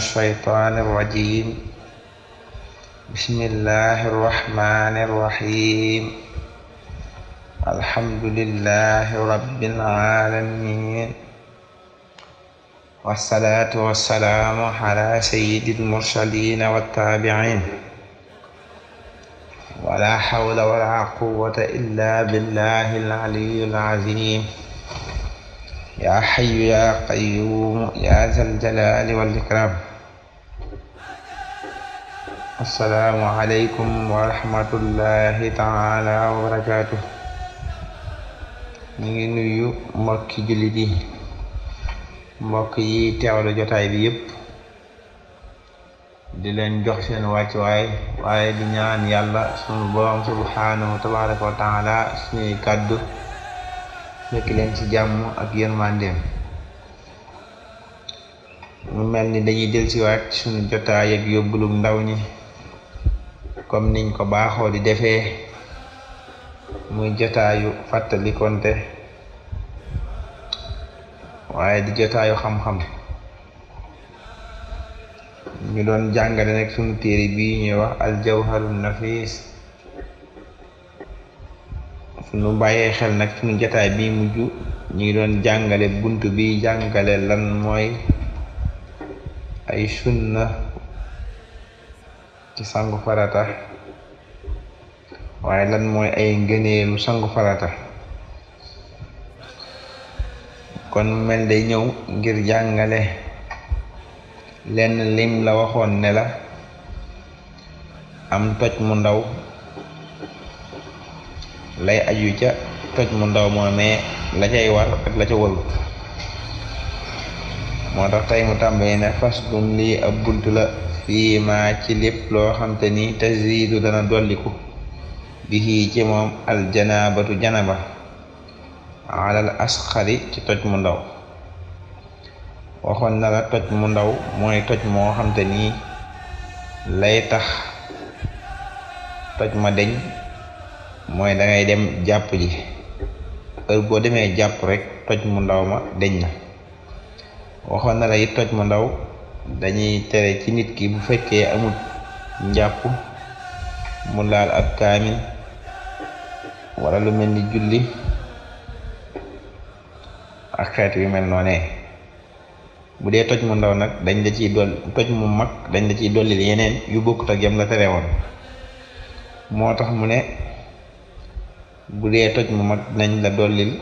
الشيطان الرجيم بسم الله الرحمن الرحيم الحمد لله رب العالمين والصلاة والسلام على سيد المرسلين والتابعين ولا حول ولا قوة إلا بالله العلي العظيم يا حي يا قيوم يا ذا الجلال والإكرام assalaamu aleykum wa rahmatullahi wa barakaatu ñu ngi nuyu mbokki jullit yi mbokk yi teewlu jotaay bi yépp di leen jox seen wàccuwaay waaye di ñaan yàlla sunu borom subhaanahu tabaraka wa taala suñuy kàddu nekk leen ci jàmm ak yërmandeem mu mel ni dañuy dellusiwaat sunu jotaay ak yóbbulum ndaw ñi comme niñ ko baaxoo di defee muy jotaayu fàttalikonte waaye di jotaayu xam-xam ñu doon jàngale nag sunu téere bii ñuy wax aljawharun nafis sunu bàyyee xel nag sunu jotaay bii mujj ñu ngi doon jàngale bunt bi jàngale lan mooy ay sunna ci sangu farata waaye lan mooy ay ngëneelu sangu farata kon mel day ñëw ngir jàngale lenn lim la waxoon ne la am toj mu ndaw lay aju ca toj mu ndaw moomee la cay war ak la ca warut moo tax tey mu tàmbali ne fas dun lii ab bunt la fii ma ci lépp loo xamte ni taziidu dana dolliku bihi ci moom aljanabatu janaba alal asxari ci toj mu ndaw waxoon na toj mu ndaw mooy toj moo xamte ni lay tax toj ma deñ mooy dangay dem jàpp ji heure boo demee jàpp rek toj mu ndaw ma deñ na waxoon na toj mu ndaw dañuy tere ci nit ki bu fekkee amul njàpp mu laal ab kaamil wala lu mel ni julli ak xeet yu mel noonee bu dee toj mu ndaw nag dañ la ciy dolli toj mu mag dañ la ciy dollil yeneen yu bokkut ak yam la tere woon moo tax mu ne bu dee toj mu mag nañ la dollil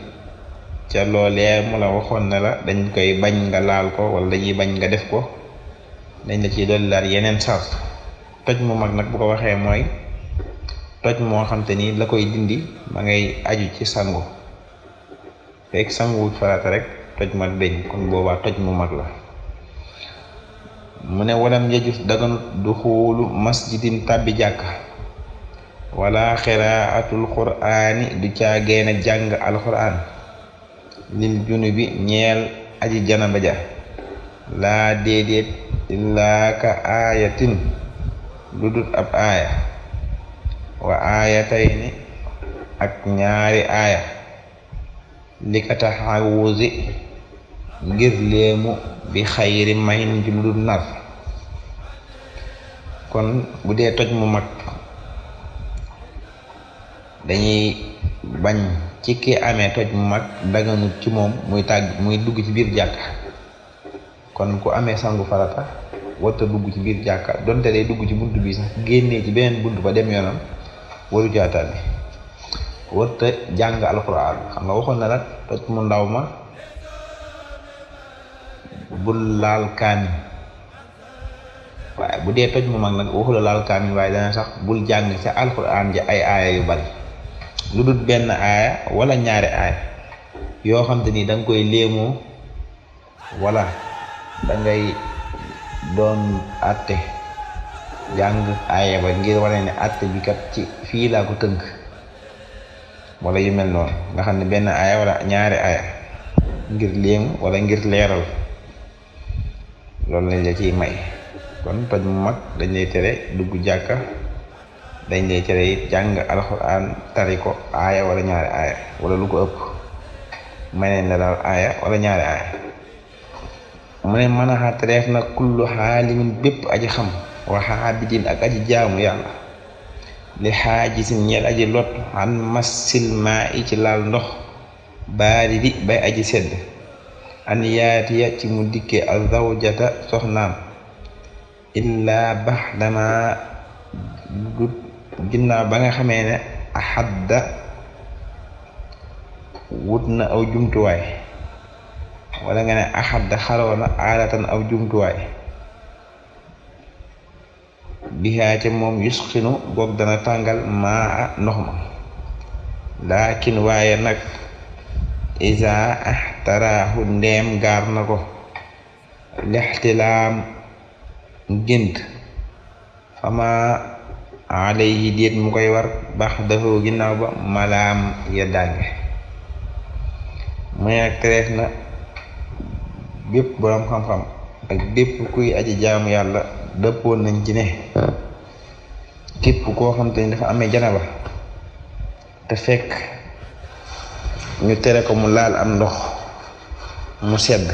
ca loolee mu la waxoon ne la dañ koy bañ nga laal ko wala dañuy bañ nga def ko dañ la ci dolli laat yeneen sart toj mu mag nag bu ko waxee mooy toj moo xam te ni la koy dindi ma ngay aju ci sangu fekk sanguwut farata rek toj ma deñ kon boobaa toj mu mag la mu ne walam yajus daganut du xuulu masjidin tàbbi wala xiraatul quraani du caageena jàng alquran lil junubi ñeel aji janaba ja laa déedéet illaa ka aayatin lu dut ab aaya wa aayatayni ak ñaari aaya li ka taxawusi ngir léemu bi xayri mayin ji lu dut nar kon bu dee toj mu mag dañuy bañ ci ki amee toj mu mag daganut ci moom muy tàgg muy dugg ci biir jàkka kon ku amee sangu farata warta dugg ci biir jàkka donte day dugg ci bunt bi sax génnee ci beneen bunt ba dem yoonam waru jaataan bi warta jàng alxuraan xam nga waxoon na nag toj mu ndaw ma bul laal bu dee toj mu mag nag waxula laal kaamil waaye dana ja ay aaya yu bari lu dul benn aaya wala ñaari aaya yoo xam te ni danga koy léemoo wala da ngay doon àtte jàng aaya ba ngir wane ne àtte bi kat ci fii laa ko tënk wala yu mel noonu nga xam ne benn aaya wala ñaari aaya ngir léem wala ngir leeral loolu lañ la ciy may kon paj mu mag dañ lay tere dugg jàkka dañ lay tere it jàng alxuraan tari ko aaya wala ñaari aaya wala lu ko ëpp may nañ la daal aaya wala ñaari aaya mu ne mën a tereef na kullu xaalimin bépp aji xam wa xaabidin ak aji jaamu yàlla li xaaji sin ñeel aji lot an massil i ci laal ndox baari di bay aji sedd an yaatiya ci mu dikkee azawjata soxnaam illaa bax dama dut ginnaaw ba nga xamee ne axadda wut na aw jumtuwaay wala nga ne axadda xaroona aadatan aw jumtuwaay bihaa ca moom yusxinu goog dana tàngal maa ndox ma laakin waaye nag isaa axtaraaxu ndeem gaar na ko lextilaam ngént fama alayhi déet mu koy war baax dafa ginnaaw ba malaam ya dànge mu ne tereef na bépp boroom xam-xam ak bépp kuy aji jaamu yàlla dëppoon nañ ci ne képp koo xam te ni dafa amee janaba te fekk ñu tere ko mu laal am ndox mu sedd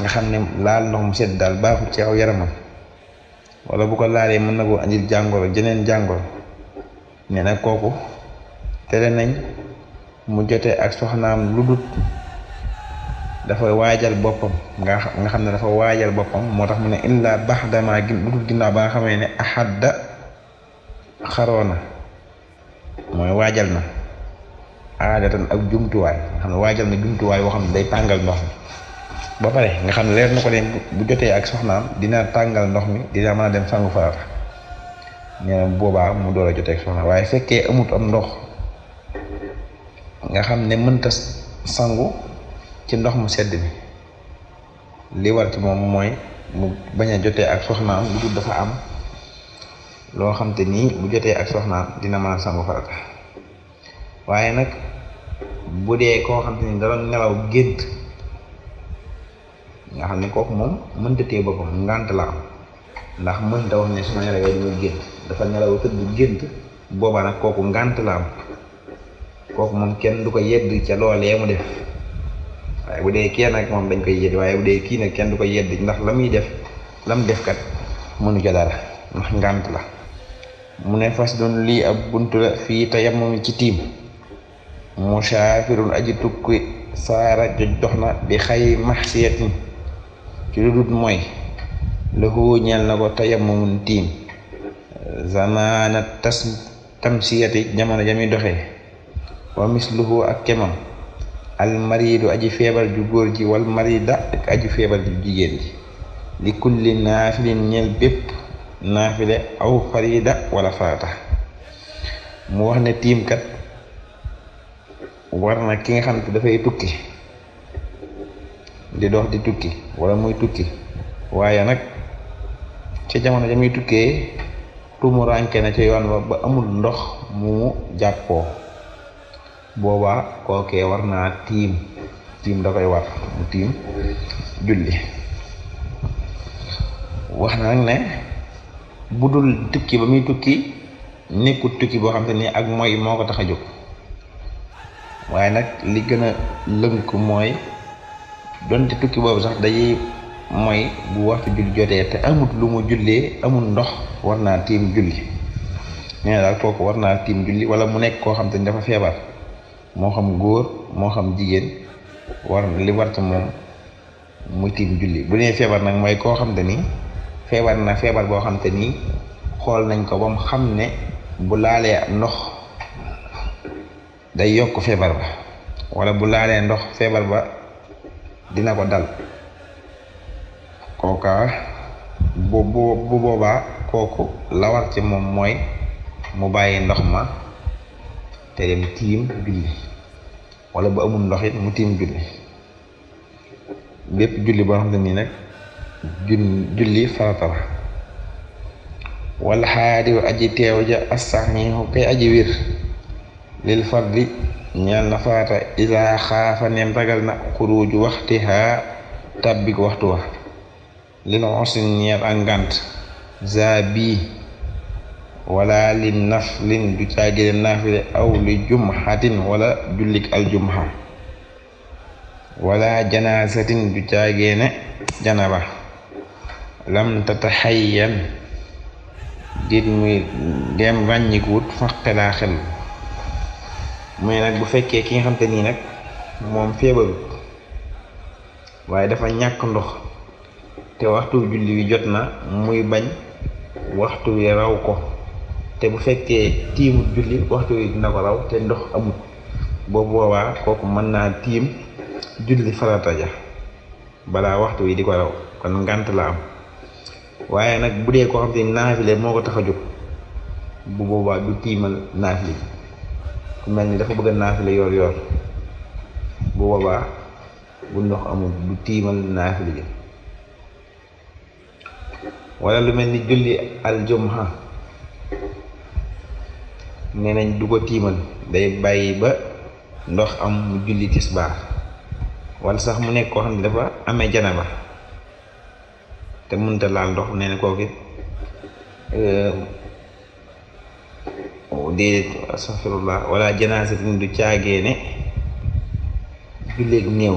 nga xam ne laal ndox mu sedd daal baaxul ci aw yaramam wala bu ko laalee mën na koo andil jàngoro jeneen jàngoro ne nag kooku tere nañ mu jotee ak soxnaam lu dut dafa waajal boppam nga nga xam ne dafa waajal boppam moo tax mu ne illa bax gi lu dul ba nga xamee ne axadda xaroona mooy waajal na aadatan ak jumtuwaay nga xam ne waajal na jumtuwaay boo xam ne day tàngal ndox mi ba pare nga xam ne leer na ko ne bu jotee ak soxnaam dina tàngal ndox mi dina mën a dem sangu farata nee boobaa mu door a jotee ak soxnaam waaye fekkee amut am ndox nga xam ne mënta sangu ci ndox mu sedd bi li war ci moom mooy mu bañ a jotee ak soxnaam lu dul dafa am loo xam te nii bu jotee ak soxnaam dina mën a sangu farata waaye nag bu dee koo xam te ni da nelaw gént nga xam ne kooku moom mënta téye boppam ngànt la am ndax mënta wax ne su nelawee damay gént dafa nelaw tëdd gént boobaa nag kooku ngànt la am kooku moom kenn du ko yedd ca loolee mu def waaye bu dee kee nag moom dañ koy yedd waaye bu dee kii kenn du koy yedd ndax la muy def lam def kat mënu ca dara ndax la mu ne fas doon lii ab bunt la fii tayammum ci tiim musaafirun aji tukki saara joj na bi xay maxsiyatin ci lu dut mooy lahu ñeel na ko tayammumun tiim zamaana tas tam jamono ja muy doxee wa misluhu ak kemam al mariidu aji feebar ju góor ji wal marida ak aji feebar ju jigéen ji li kulli naafilin ñel bépp naafile aw farida wala faata mu wax ne tiimkat war na ki nga xam ne dafay tukki di dox di tukki wala muy tukki waaye nag ca jamono jam muy tukkee tumuraanke na ca yoon wa ba amul ndox mu jàppoo boobaa kookee war naa tiim tiim da koy war mu tiim julli wax na nag ne bu dul tukki ba muy tukki nekkul tukki boo xam te ni ak mooy moo ko tax a jóg waaye nag li gën a lënk mooy donte tukki boobu sax day mooy bu waxtu julli jotee te amut lu mu jullee amul ndox war naa tiim julli nee daal kooku war naa tiim julli wala mu nekk koo xam te ni dafa feebar moo xam góor moo xam jigéen war li war ci moom muy tiim julli bu dee feebar nag mooy koo xam te ni feebar na feebar boo xam te ni xool nañ ko bam xam ne bu laalee ndox day yokk feebar ba wala bu laalee ndox feebar ba dina ko dal kooka bu bu bu boobaa kooku la war ci moom mooy mu bàyyi ndox ma te dem tiim julli wala bu amul ndox it mu tiim julli bépp julli boo xam ne nii julli farata wala xaari wu aji teew ja asaxnihu kay aji wér lil fardi ñeel na farata isa xaafa neem ragal na xuruuju waxtiha tàbbik waxtu wa lil osin ñeel ak ngànt za bii wala li naslin du naaf naafile aw li jumxatin wala jullik aljumxa wala janaasatin du caagine janaba lam tataxayyan dit muy dem ràññikuwut faqelaa xel muy nag bu fekkee ki nga xam te nii nag moom feebarut waaye dafa ñàkk ndox te waxtu julli wi jot na muy bañ waxtu wi raw ko te bu fekkee tiimut julli waxtu wi dina ko raw te ndox amut boobu boobaa kooku mën naa tiim julli farata ja balaa waxtu wi di ko raw kon ngànt la am waaye nag bu dee koo xam te ni moo ko tax a jóg bu boobaa du tiimal naafile ji ku mel ni dafa bëgg naafile yoor yoor bu boobaa bu ndox amul du tiimal naafile ji lu mel ni julli aljumha nee nañ du ko tiimal day bàyyi ba ndox am mu julli tisbaar wala sax mu nekk koo xam ne dafa ame janaba te mënta laal ndox nee na kooku euh, déedéet astaghfirullah du caagee ne julleeg néew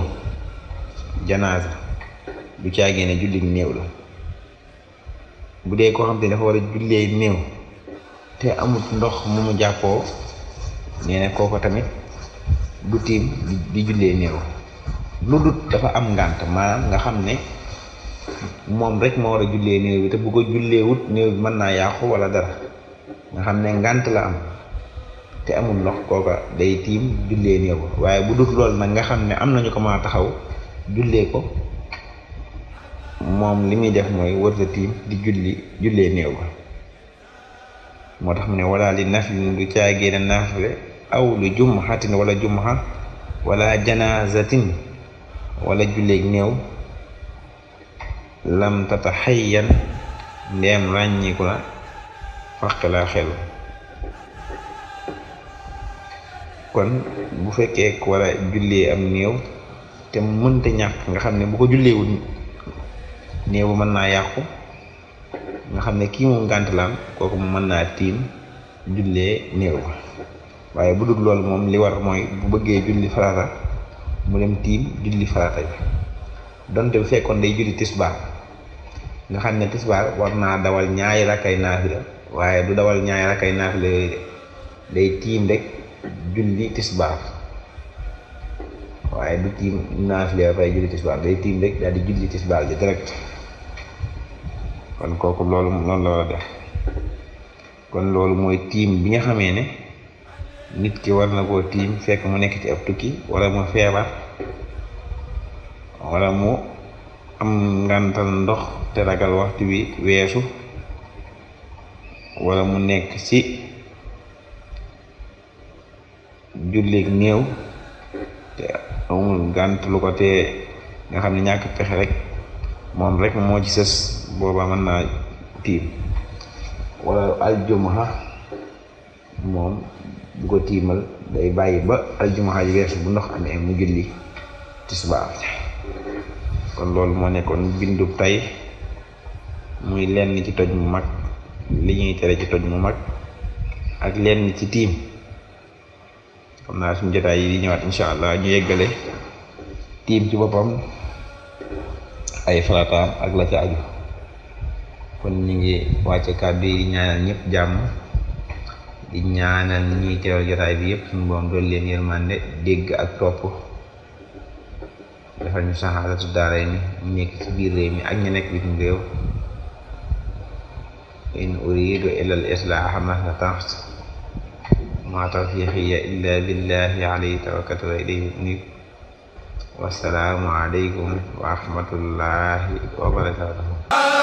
janaasa du càggee ne julleeg néew la bu dee koo xam ne dafa war a julleeg néew te amut ndox mu mu jàppoo nee na kooko tamit du tiim di jullee néew lu dut dafa am ngànt maanaam nga xam ne moom rek moo war a jullee néew bi te bugg ko jullee wut néew bi mën naa yàqu wala dara nga xam ne ngànt la am te amul ndox kooka day tiim jullee néew waaye bu dut lool nag nga xam ne am nañu ko ma taxaw jullee ko moom li muy def mooy wër tiim di julli jullee néew moo tax mu ne wala li naflin du caagéen a naafle aw lu jumxatin wala jumxa wala janazatin wala julleeg néew lam tata xayyan ndeem ràññiku na fàq laa xelu kon bu fekkee wala jullee am néew te mu mënta ñàkk nga xam ne bu ko julleewul néew mën naa yàqu nga xam ne kii moom ngànt la kooku mu mën naa tiim jullee néew waaye bu dul loolu moom li war mooy bu bëggee julli farata mu dem tiim julli farata bi donte bu fekkoon day julli tisbaar nga xam ne tisbaar war naa dawal ñaari rakkay la waaye du dawal ñaari rakkay naafila yooyu day tiim rek julli tisbaar waaye du tiim naafila ba pare julli tisbaar day tiim rek daal di julli tisbaar di direct kon kooku loolu noonu la loolu mooy tiim bi nga xamee ne nit ki war na koo tiim fekk mu nekk ci ab tukki wala mu feebar wala mu am ngàntal ndox te ragal waxtu wi weesu wala mu nekk ci julleeg néew te amul ngànt lu ko tee nga xam ne ñàkk pexe rek moom rek moo ci sës booba mën naa tiim wala aljumaha moom bu ko tiimal day bàyyi ba aljumaha ji weesu bu ndox amee mu julli tisbaar kon loolu moo nekkoon bindu tey muy lenn ci toj mu mag li ñuy tere ci toj mu mag ak lenn ci tiim xam naa suñu jotaay yi di ñëwaat incha allah ñu yeggale tiim ci boppam ay farataam ak la ca aju kon ñu ngi wàcce kàddu yi di ñaanal ñëpp di ñaanal ñuy teewal jotaay bi yëpp suñu boom doon leen yërmande dégg ak topp defal ñu saxaadatu daara yi ñu nekk ci biir réew mi ak ñu nekk bitim réew in uridu illa al islaaha ma stataxt ma tawfiqiya illa billahi alayhi tawakkaltu wa ilayhi wasalaamu aleykum wa rahmatullahi wa barakatuhu